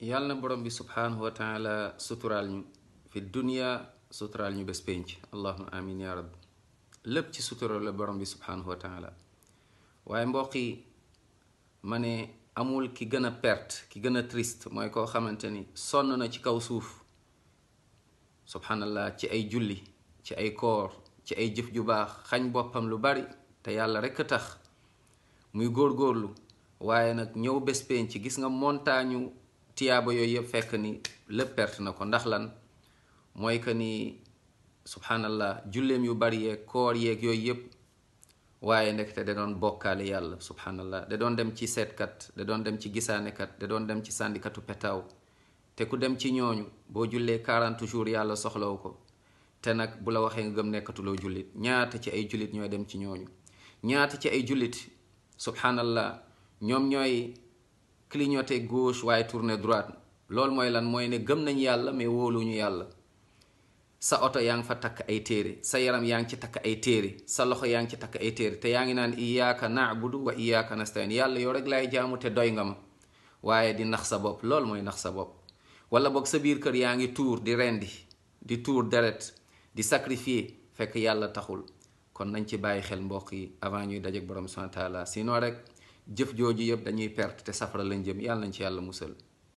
yàlla na borom bi subhaanahu wa taala suturaal ñu fi dunia suturaal ñu bés pénc allahuma amin ya rab lépp ci sutura la borom bi subhaanahu wa taala waaye mbokk yi ma ne amul ki gën a perte ki gën a triste mooy koo xamante ni sonn na ci kaw suuf subhaanallah ci ay julli ci ay koor ci ay jëf ju baax xañ boppam lu bari te yàlla rekk a tax muy góor góorlu waaye nag ñëw bés pénc gis nga montaañu tiyaaba yooyu yëpp fekk ni lépp perte na ko ndax lan mooy que ni subhanallah julleem yu bari yeeg koor yeeg yooyu yëpp waaye ndekete da doon bokkaale yàlla subhanallah da doon dem ci seetkat da doon dem ci gisaanekat da doon dem ci sàndikatu petaw te ku dem ci ñooñu boo jullee 40 jours yàlla soxlaw ko te nag bu la waxee nga gëm nekkatuloo jullit ñaata ci ay jullit ñooy dem ci ñooñu ñaata ci ay jullit subhanallah ñoom ñooy clignoter gauche waaye tourner droite Lol moy lan moy ne gem nañ yalla mais ñu yalla sa auto yang fa tak ay téré sa yaram yang ci tak ay téré sa loxo yang ci tak ay téré te yaangi nan iyyaka na'budu wa iyyaka nastain yalla yo rek lay jaamu te doy ngam waye di nax sa bop lol moy nax sa bop wala bok sa bir kër yaangi tour di rendi di tour deret di sacrifier fek yalla taxul kon nañ ci bàyyi xel mbokk yi avant ñuy ak borom subhanahu wa taala sino rek jëf jooju yëpp dañuy perte te safara lañ jëm yàlla nañ ci yàlla musal